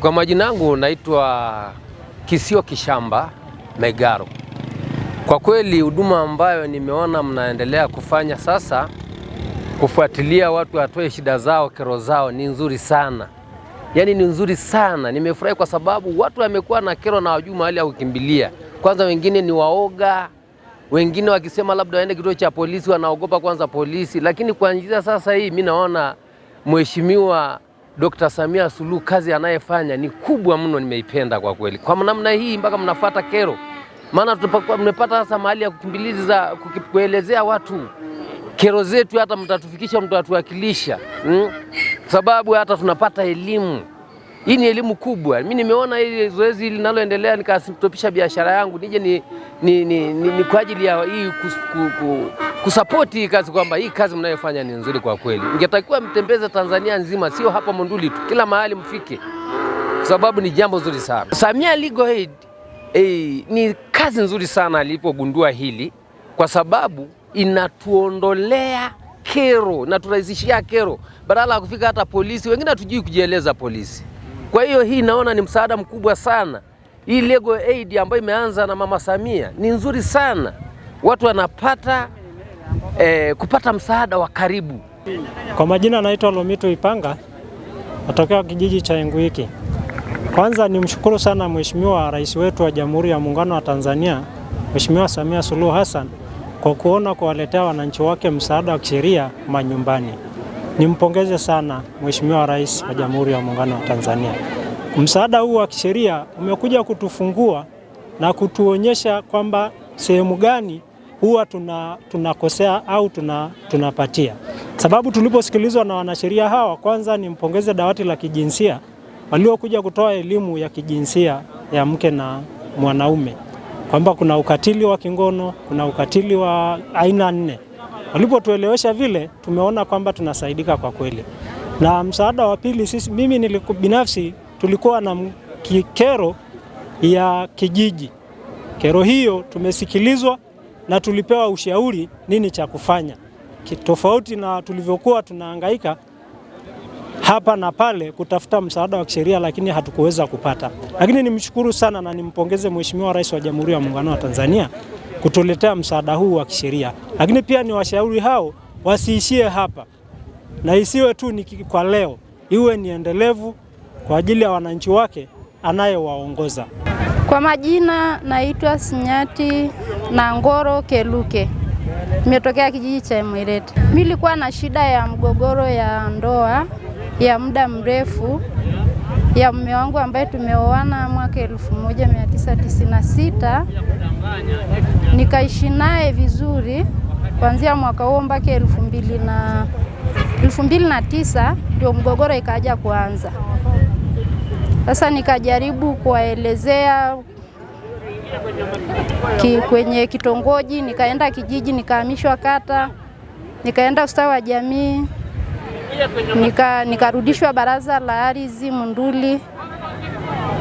Kwa majina yangu naitwa Kisio Kishamba Megaro. Kwa kweli huduma ambayo nimeona mnaendelea kufanya sasa, kufuatilia watu watoe shida zao, kero zao, ni nzuri sana, yaani ni nzuri sana. Nimefurahi kwa sababu watu wamekuwa na kero na wajui mahali ya kukimbilia. Kwanza wengine ni waoga, wengine wakisema labda waende kituo cha polisi wanaogopa kwanza polisi, lakini kwa njia sasa hii mi naona mheshimiwa Dr. Samia Suluhu kazi anayefanya ni kubwa mno, nimeipenda kwa kweli. Kwa namna hii mpaka mnafuata kero, maana mmepata sasa mahali ya kukimbiliza kuelezea watu kero zetu, hata mtatufikisha, atuwakilisha hmm? Sababu hata tunapata elimu hii ni elimu kubwa. Mimi nimeona hili zoezi linaloendelea, nikasitopisha biashara yangu nije ni, ni, ni, ni, ni kwa ajili ya hii kus, ku, ku, kusapoti hii kazi kwamba hii kazi mnayofanya ni nzuri kwa kweli. Ingetakiwa mtembeze Tanzania nzima, sio hapa Monduli tu, kila mahali mfike, kwa sababu ni jambo zuri sana. Samia Legal Aid eh, ni kazi nzuri sana alipogundua hili, kwa sababu inatuondolea kero, inaturahisishia kero, badala ya kufika hata polisi. Wengine hatujui kujieleza polisi. Kwa hiyo hii naona ni msaada mkubwa sana. Hii Legal Aid ambayo imeanza na Mama Samia ni nzuri sana, watu wanapata e, kupata msaada wa karibu. Kwa majina anaitwa Lomito Ipanga, natokea kijiji cha Enguiki. Kwanza ni mshukuru sana Mheshimiwa Rais wetu wa Jamhuri ya Muungano wa Tanzania, Mheshimiwa Samia Suluhu Hassan kwa kuona kuwaletea wananchi wake msaada wa kisheria manyumbani. Nimpongeze sana Mheshimiwa Rais wa Jamhuri ya Muungano wa Tanzania. Msaada huu wa kisheria umekuja kutufungua na kutuonyesha kwamba sehemu gani huwa tunakosea tuna au tunapatia sababu. Tuliposikilizwa na wanasheria hawa, kwanza nimpongeze dawati la kijinsia waliokuja kutoa elimu ya kijinsia ya mke na mwanaume kwamba kuna ukatili wa kingono, kuna ukatili wa aina nne. Walipotuelewesha vile, tumeona kwamba tunasaidika kwa kweli. Na msaada wa pili, sisi mimi niliku, binafsi tulikuwa na kikero ya kijiji. Kero hiyo tumesikilizwa na tulipewa ushauri nini cha kufanya, tofauti na tulivyokuwa tunahangaika hapa na pale kutafuta msaada wa kisheria, lakini hatukuweza kupata. Lakini nimshukuru sana na nimpongeze Mheshimiwa Rais wa Jamhuri ya Muungano wa Tanzania kutuletea msaada huu wa kisheria, lakini pia ni washauri hao wasiishie hapa na isiwe tu ni kwa leo, iwe ni endelevu kwa ajili ya wananchi wake anayewaongoza. Kwa majina naitwa Sinyati na Ngoro Keluke, nimetokea kijiji cha Imwerete. Mimi nilikuwa na shida ya mgogoro ya ndoa ya muda mrefu ya mume wangu ambaye tumeoana mwaka 1996 nikaishi naye vizuri kuanzia mwaka huo mpaka elfu mbili na elfu mbili na tisa ndio mgogoro ikaja kuanza. Sasa nikajaribu kuwaelezea ki, kwenye kitongoji, nikaenda kijiji, nikahamishwa kata, nikaenda ustawi wa jamii, nikarudishwa baraza la ardhi Munduli.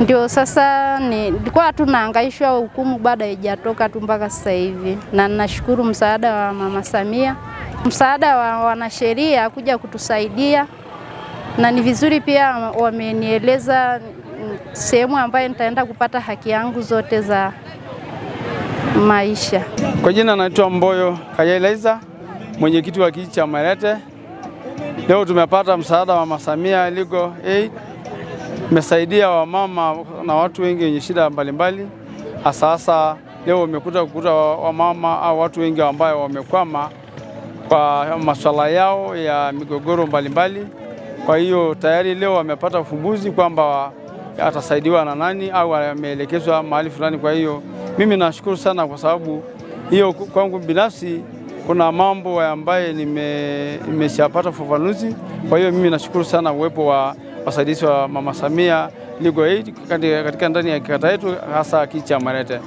Ndio sasa nilikuwa tu naangaishwa, hukumu bado haijatoka tu mpaka sasa hivi, na ninashukuru msaada wa Mama Samia, msaada wa wanasheria kuja kutusaidia na ni vizuri pia wamenieleza sehemu ambayo nitaenda kupata haki yangu zote za maisha. Kwa jina naitwa Mboyo Kayailaiza, mwenyekiti wa kijiji cha Marete. Leo tumepata msaada wa masamia ligo Legal Aid, umesaidia wamama na watu wengi wenye shida mbalimbali. sasa leo umekuta kukuta wamama au watu wengi ambao wamekwama kwa masuala yao ya migogoro mbalimbali mbali. Kwa hiyo tayari leo wamepata ufumbuzi kwamba atasaidiwa na nani au ameelekezwa mahali fulani. Kwa hiyo mimi nashukuru sana, kwa sababu hiyo kwangu binafsi kuna mambo ambaye nimeshapata nime ufafanuzi. Kwa hiyo mimi nashukuru sana uwepo wa wasaidizi wa Mama Samia Legal Aid katika ndani ya kata yetu hasa kicha Marete.